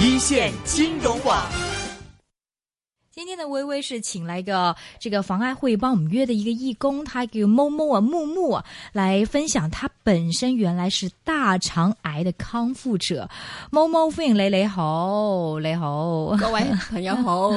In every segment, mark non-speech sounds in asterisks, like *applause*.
一線金融網。今天的微微是請來一個這個防癌會幫我們約的一個義工，他叫 Momo 啊木木啊來分享他本身原來是大腸癌的康復者。Momo，歡迎你，你好，你好，各位朋友好。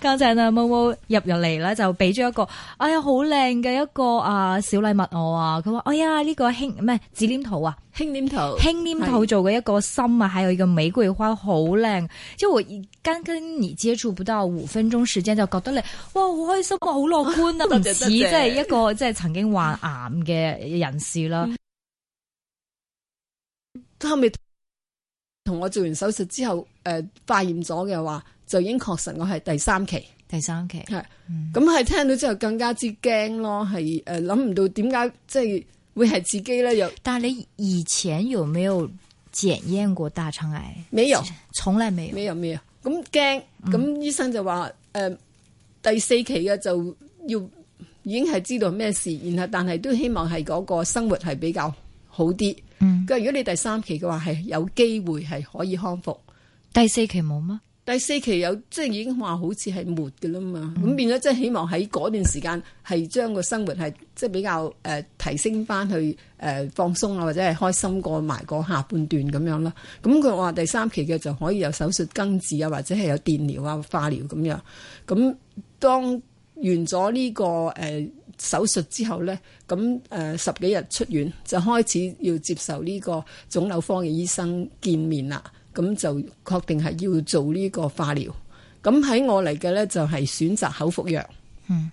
剛 *laughs* 才呢 Momo 入入嚟啦，就俾咗一個，哎呀好靚嘅一個啊小禮物我啊，佢話、啊、哎呀呢、這個輕咩紙黏土啊，輕黏土輕黏土做嘅一個心啊，還有一個玫瑰花好靚。即係我剛跟，跟你接觸不到。五分鐘時間，就覺得你哇好開心啊，好樂觀啊，唔似即係一個即係曾經患癌嘅人士啦。後尾同我做完手術之後，誒、呃，化驗咗嘅話就已經確實我係第三期。第三期係咁係聽到之後更加之驚咯，係誒諗唔到點解即係會係自己咧又。但係你以前有沒有檢驗過大腸癌？沒有，從來沒有，沒有，沒有。咁驚，咁醫生就話，誒、嗯，第四期嘅就要已經係知道咩事，然後但係都希望係嗰個生活係比較好啲。嗯、佢話如果你第三期嘅話係有機會係可以康復，第四期冇嗎？第四期有即係已經話好似係末噶啦嘛，咁、嗯、變咗即係希望喺嗰段時間係將個生活係即係比較誒、呃、提升翻去誒、呃、放鬆啊或者係開心過埋個下半段咁樣咯。咁佢話第三期嘅就可以有手術根治啊或者係有電療啊化療咁樣。咁當完咗呢、這個誒、呃、手術之後咧，咁誒、呃、十幾日出院就開始要接受呢個腫瘤科嘅醫生見面啦。咁就確定係要做呢個化療，咁喺我嚟嘅呢，就係選擇口服藥。嗯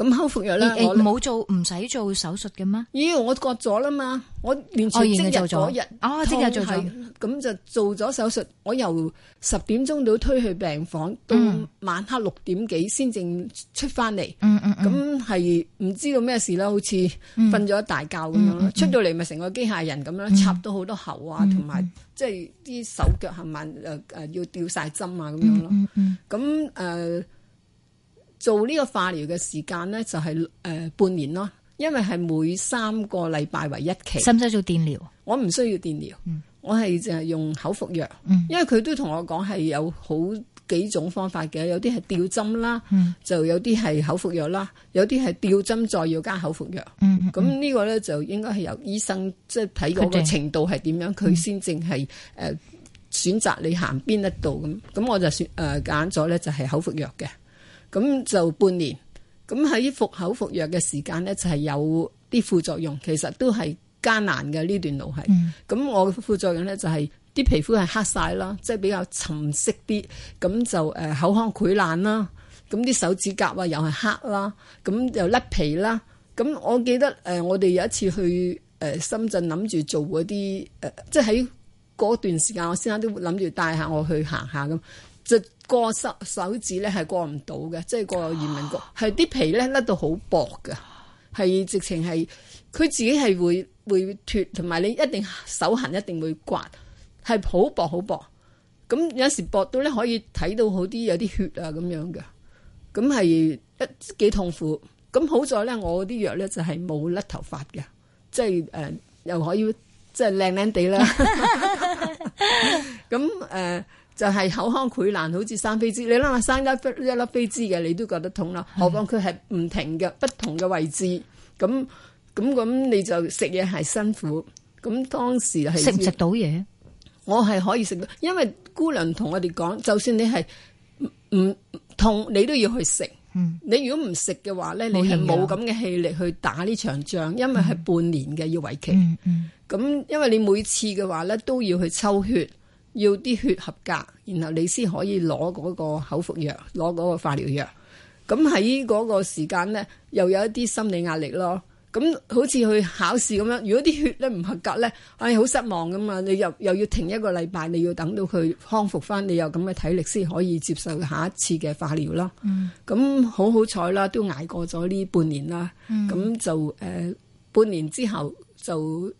咁口服藥咧，冇、欸欸、做唔使做手術嘅咩？咦，我割咗啦嘛，我完全已經做咗日啊、哦，即日做咗，咁就做咗手術。我由十點鐘到推去病房，到、嗯、晚黑六點幾先正出翻嚟。咁係唔知道咩事啦，好似瞓咗一大覺咁樣咯、嗯嗯。出到嚟咪成個機械人咁樣、嗯、插到好多喉啊，同埋即係啲手腳係慢誒誒，要吊晒針啊咁樣咯。咁、嗯、誒。嗯嗯做呢個化療嘅時間呢，就係、是、誒、呃、半年咯，因為係每三個禮拜為一期。使唔使做電療？我唔需要電療、嗯，我係淨係用口服藥、嗯。因為佢都同我講係有好幾種方法嘅，有啲係吊針啦、嗯，就有啲係口服藥啦，有啲係吊針、嗯、再要加口服藥。咁、嗯、呢、嗯、個呢，就應該係由醫生即係睇我嘅程度係點樣，佢先正係誒、呃、選擇你行邊一度咁。咁我就選誒揀咗呢，呃、就係口服藥嘅。咁就半年，咁喺服口服藥嘅時間呢，就係、是、有啲副作用，其實都係艱難嘅呢段路係。咁、嗯、我副作用呢，就係、是、啲皮膚係黑晒啦，即係比較沉色啲。咁就誒口腔潰爛啦，咁啲手指甲啊又係黑啦，咁又甩皮啦。咁我記得誒，我哋有一次去深圳，諗住做嗰啲誒，即係喺嗰段時間，我先生都諗住帶下我去行下咁。過手手指咧，係過唔到嘅，即係過有移民局，係、啊、啲皮咧甩到好薄嘅，係直情係佢自己係會會脫，同埋你一定手痕一定會刮，係好薄好薄。咁有時薄到咧可以睇到好啲有啲血啊咁樣嘅，咁係一幾痛苦。咁好在咧，我啲藥咧就係冇甩頭髮嘅，即係誒又可以即係靚靚地啦。咁、就、誒、是。 *laughs* *laughs* 就係、是、口腔潰爛，好似生飛滋。你諗下，生一一粒飛滋嘅，你都覺得痛啦。何況佢係唔停嘅，不同嘅位置。咁咁咁，你就食嘢係辛苦。咁當時係食唔食到嘢？我係可以食到，因為姑娘同我哋講，就算你係唔痛，你都要去食。嗯。你如果唔食嘅話咧，你係冇咁嘅氣力去打呢場仗，嗯、因為係半年嘅要維期。嗯咁、嗯嗯、因為你每次嘅話咧，都要去抽血。要啲血合格，然後你先可以攞嗰個口服藥，攞嗰個化療藥。咁喺嗰個時間呢，又有一啲心理壓力咯。咁好似去考試咁樣，如果啲血咧唔合格呢，唉、哎，好失望噶嘛。你又又要停一個禮拜，你要等到佢康復返，你有咁嘅體力先可以接受下一次嘅化療咯。嗯。咁好好彩啦，都捱過咗呢半年啦。嗯。咁就誒、呃，半年之後。就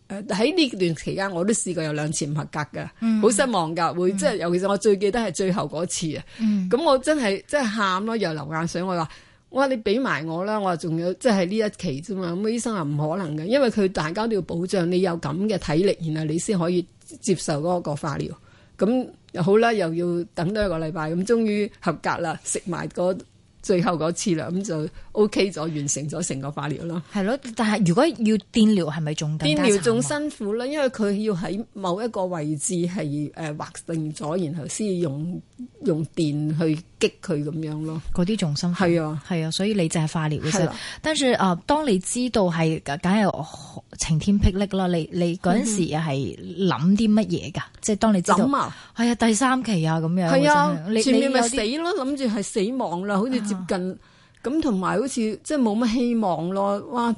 喺呢、呃、段期間，我都試過有兩次唔合格嘅，好、嗯、失望㗎。會即係、嗯、尤其是我最記得係最後嗰次啊。咁、嗯、我真係即係喊咯，又流眼水。我話：我話你俾埋我啦！我話仲有即係呢一期啫嘛。咁醫生話唔可能嘅，因為佢大家都要保障你有咁嘅體力，然後你先可以接受嗰個化療。咁又好啦，又要等多一個禮拜。咁終於合格啦，食埋、嗰個。最後嗰次啦，咁就 O K 咗，完成咗成個化療咯。係咯，但係如果要電療係咪仲辛苦？電療仲辛苦啦，因為佢要喺某一個位置係誒劃定咗，然後先用。用電去激佢咁樣咯，嗰啲仲辛苦，係啊，係啊，所以你就係化療嘅時候，啊。但是啊、呃，當你知道係，梗係晴天霹靂啦。你你嗰陣時係諗啲乜嘢噶？即係當你走啊，係、哎、啊，第三期啊，咁樣係啊。你前面咪死咯，諗住係死亡啦，好似接近咁，同、啊、埋好似即係冇乜希望咯。哇，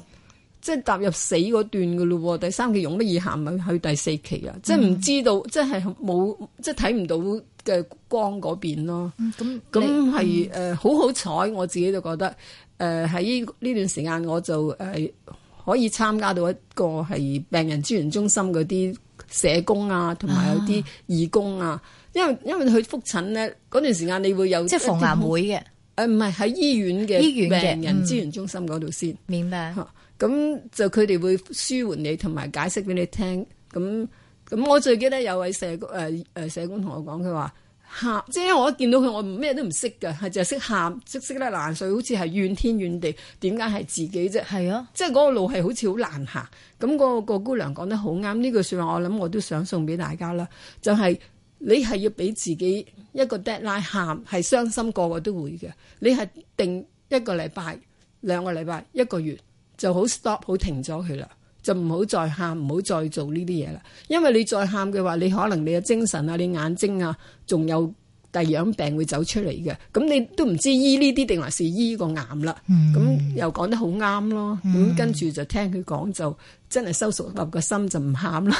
即係踏入死嗰段噶咯。第三期用乜嘢行去去第四期啊、嗯？即係唔知道，即係冇，即係睇唔到，嘅光嗰邊咯，咁係好好彩，我自己就覺得誒喺呢段時間我就誒、呃、可以參加到一個係病人資源中心嗰啲社工啊，同埋有啲義工啊，啊因為因為去覆診咧嗰段時間，你會有即係鳳南會嘅，唔係喺醫院嘅醫院嘅病人資源中心嗰度先、嗯，明白。咁、呃、就佢哋會舒緩你，同埋解釋俾你聽，咁。咁我最記得有位社工誒誒、呃、社工同我講，佢話喊，即係我一見到佢，我咩都唔識㗎，係就係識喊，識識咧難碎，所以好似係怨天怨地，點解係自己啫？係啊，即係嗰個路係好似好難行。咁、嗰個、嗰個姑娘講得好啱，呢句說話我諗我都想送俾大家啦，就係、係、你係要俾自己一個 deadline 喊，係傷心個個都會嘅，你係定一個禮拜、兩個禮拜、一個月就好 stop 好停咗佢啦。就唔好再喊，唔好再做呢啲嘢啦。因為你再喊嘅話，你可能你嘅精神啊、你眼睛啊，仲有第二樣病會走出嚟嘅。咁你都唔知醫呢啲定還是醫個癌啦。咁、嗯、又講得好啱咯。咁、嗯、跟住就聽佢講，就真係收縮立個心就唔喊啦。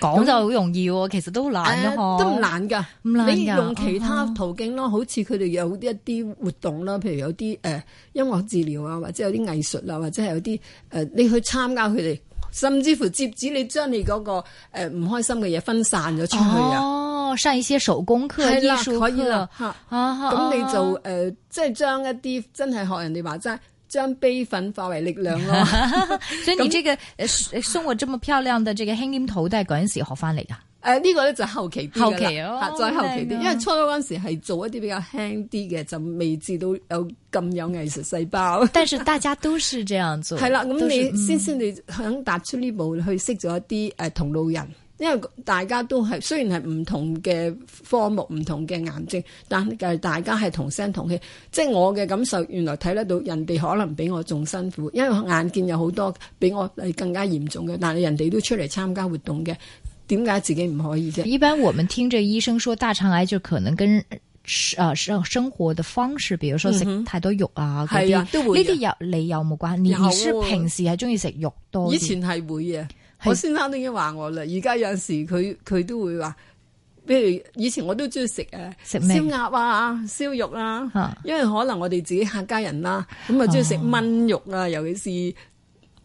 講、嗯、就好容易喎、啊，其實都難咯、呃，都唔難㗎，唔難㗎。你用其他途徑咯、哦，好似佢哋有一啲活動啦，譬如有啲誒、呃、音樂治療啊，或者有啲藝術啊，或者係有啲、呃、你去參加佢哋。甚至乎接住你將你嗰個誒唔開心嘅嘢分散咗出去啊！哦，上一些手工課、藝術課，可以啦。吓、啊、咁、啊、你就誒，即、啊、係、呃就是、將一啲真係學人哋話齋，將悲憤化為力量咯。啊啊、 *laughs* 所以你這個誒、 *laughs* 這個，送我這麼漂亮的這個輕黏土，都係嗰陣時學翻嚟噶。誒、呃，呢、這個咧就後期後期、哦、再後期啲，因為初嗰陣時係做一啲比較輕啲嘅，就未至到有咁有藝術細胞。但是大家都是這樣做係啦。咁 *laughs* 你先先、嗯，你肯踏出呢步去識咗一啲誒、呃、同路人，因為大家都係雖然係唔同嘅科目、唔同嘅癌症，但係、呃、大家係同聲同氣。即、就、係、是、我嘅感受，原來睇得到人哋可能比我仲辛苦，因為眼見有好多比我更加嚴重嘅，但係人哋都出嚟參加活動嘅。點解自己唔可以啫？一般我們聽着醫生說大腸癌就可能跟，啊、呃、生活嘅方式，比如說食太多肉啊，係、嗯、啊，呢啲、啊、有你有冇關？有啊、你是平時平時係中意食肉多，以前係會嘅，我先生都已經話我啦。而家有陣時佢佢都會話，譬如以前我都中意食誒食燒鴨啊、燒肉啦、啊啊，因為可能我哋自己客家人啦、啊，咁啊中意食燜肉啊，尤其是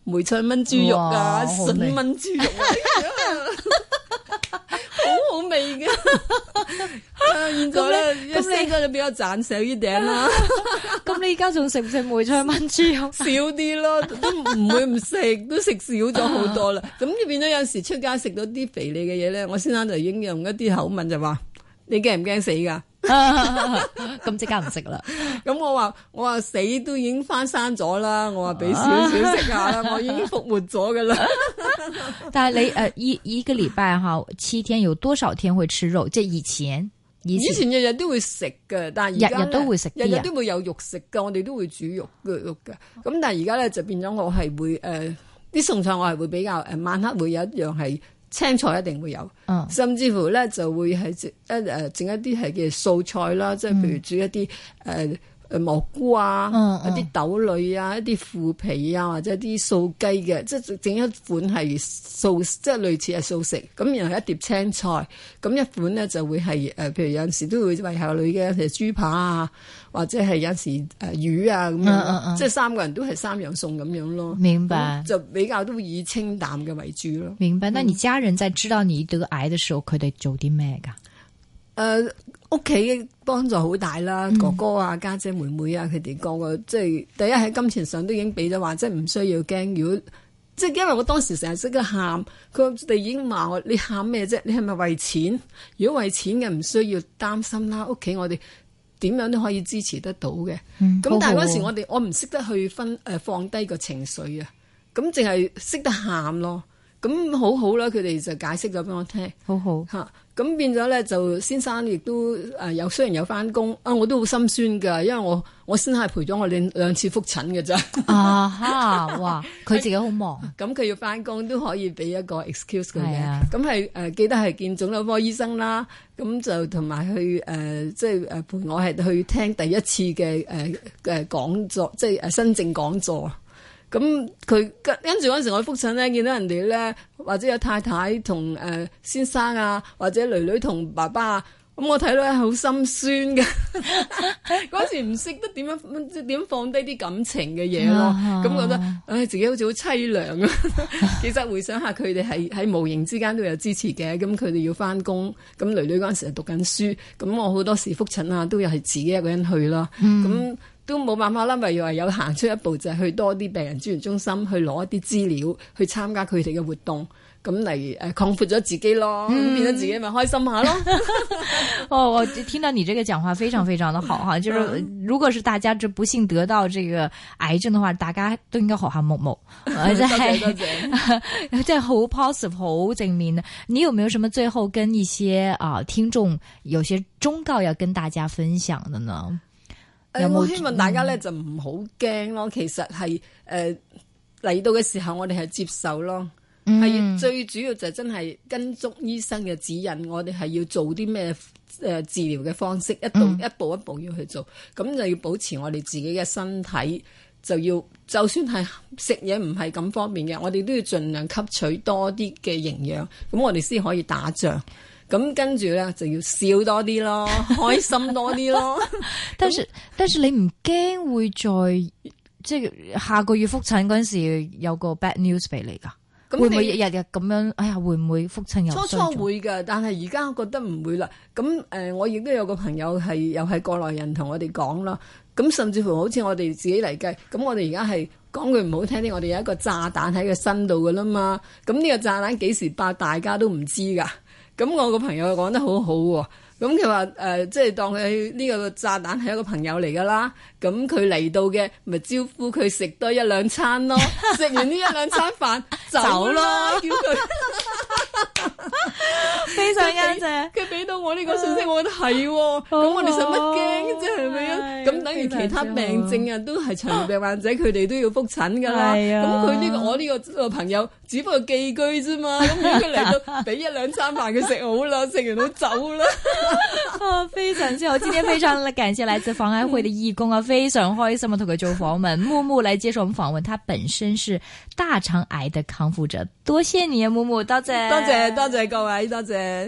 梅菜燜豬肉啊、筍燜豬肉、啊。 *laughs* 好好味噶，咁你咁你依家就比較賺上衣頂啦。 *laughs* 咁 *laughs* 你而家仲食唔食梅菜炆豬肉？ *laughs* 少啲咯，都唔會唔食，都食少咗好多啦。咁 *laughs* 你變咗有時出街食到啲肥膩嘅嘢咧，我先生就已經用一啲口吻就話：你驚唔驚死噶？咁即刻唔食啦！咁我話我話死都已經翻生咗啦！我話俾少少食下啦， *laughs* 我已經復活咗噶啦。但係你誒，一一個禮拜哈，七天有多少天會吃肉？即係以前，以前日日都會食噶，但係日日都會食，日日都會有肉食噶，我哋都會煮肉肉嘅。咁但係而家咧就變咗，呃、我係會誒，啲餸菜我係會比較誒、呃，晚黑會有一樣係。青菜一定會有，甚至乎咧就會係一誒整一啲係叫素菜啦，即、嗯、係譬如煮一啲誒。呃蘑菇啊，嗯嗯、一啲豆類啊，一啲腐皮啊，或者一啲素雞嘅，即係整一款係素，即、就、係、是、類似係素食。咁然後一碟青菜，咁一款呢就會係誒、呃，譬如有陣時都會餵下女嘅，譬如豬扒啊，或者係有陣時誒、呃、魚啊咁樣，即、嗯、係、嗯嗯就是、三個人都係三樣餸咁樣咯。明白，就比較都以清淡嘅為主咯。明白。但你家人在知道你得癌嘅時候，佢哋做啲咩噶？誒、嗯。呃屋企幫助好大啦，哥哥啊、家姐、妹妹啊，佢哋、嗯、個個即係第一喺金錢上都已經俾咗話，即係唔需要驚。如果即係因為我當時成日識得喊，佢哋已經話我：你喊咩啫？你係咪為錢？如果為錢嘅唔需要擔心啦。屋企我哋點樣都可以支持得到嘅。咁、嗯、但係嗰時我哋、嗯、我唔識得去分誒，放低個情緒啊。咁淨係識得喊咯。咁好好啦，佢哋就解釋咗俾我聽，好好嚇。咁變咗咧，就先生亦都誒有雖然有翻工啊，我都好心酸㗎，因為我我先係陪咗我兩兩次覆診嘅咋啊嚇 *laughs* 哇！佢自己好忙、啊，咁佢要翻工都可以俾一個 excuse 佢嘅、啊。咁係誒記得係見腫瘤科醫生啦，咁、啊、就同埋去誒即係誒陪我係去聽第一次嘅誒嘅講座，即係誒新症講座。咁佢跟住嗰陣時我去覆診咧，見到人哋咧，或者有太太同誒、呃、先生啊，或者女女同爸爸啊，咁我睇到咧好心酸㗎。嗰 *laughs* 陣 *laughs* *laughs* 時唔識得點樣點放低啲感情嘅嘢咯，咁、 *laughs* 嗯、覺得唉、哎、自己好似好淒涼啊。其實回想下，佢哋係喺無形之間都有支持嘅。咁佢哋要翻工，咁女女嗰陣時係讀緊書，咁我好多時覆診啊，都係自己一個人去咯。咁、嗯都冇辦法啦，咪又係有行出一步就係去多啲病人資源中心去攞一啲資料，去參加佢哋嘅活動，咁嚟誒擴闊咗自己咯，嗯、變咗自己咪開心下咯、嗯。 *laughs* 哦，我聽到你這個講話非常非常的好哈， *laughs* 就是如果是大家不幸得到這個癌症的話，大家都應該學下木木，真係真係好 positive，好正面。你有沒有什麼最後跟一些啊、呃、聽眾有些忠告要跟大家分享的呢？我希望大家咧就唔好驚咯，其實係誒嚟到嘅時候，我哋係接受咯，係、嗯、最主要就是真係跟足醫生嘅指引，我哋係要做啲咩誒治療嘅方式，一到一步一步要去做，咁、嗯、就要保持我哋自己嘅身體，就要就算係食嘢唔係咁方便嘅，我哋都要盡量吸取多啲嘅營養，咁我哋先可以打仗。咁跟住咧就要笑多啲咯， *laughs* 開心多啲咯。 *laughs* 但是， *laughs* 但是你唔驚會再即係、就是、下個月複診嗰陣時有個 bad news 俾你噶？會唔會日日咁樣？哎呀，會唔會複診又？初初會噶但係而家我覺得唔會啦。咁誒、呃，我亦都有個朋友係又係過來人同我哋講啦。咁甚至乎好似我哋自己嚟計，咁我哋而家係講句唔好聽啲，我哋有一個炸彈喺個身度噶啦嘛。咁呢個炸彈幾時爆，大家都唔知噶。咁我個朋友講得好好、啊、喎，咁佢話誒，即係當佢呢個炸彈係一個朋友嚟噶啦，咁佢嚟到嘅咪招呼佢食多一兩餐咯，食 *laughs* 完呢一兩餐飯 *laughs* 走咯，叫佢，非常感謝，佢俾 *laughs* *laughs* 他給 *laughs* 他給 *laughs* 到我呢個信息，我覺得係、哦，咁 *laughs* 我哋使乜驚即係咪啊？咁 *laughs* 等於其他病症啊，都係長期病患者，佢 *laughs* 哋都要復診噶啦，咁佢呢個我呢個朋友。只不過寄居啫嘛，咁佢嚟到俾一兩餐飯佢食好啦，食 *laughs* 完都走啦。 *laughs* *laughs* 啊，非常之好，今天非常感謝來自防癌會的義工啊， *laughs* 非常開心呀，同佢做訪問。 *laughs* 木木來接受我們訪問，他本身是大腸癌的康復者，多謝你木木，多謝， *laughs* 多謝，多謝各位，多謝。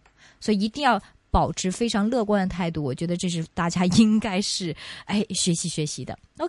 所以一定要保持非常樂觀的態度，我覺得這是大家應該是，哎，學習學習的。Okay.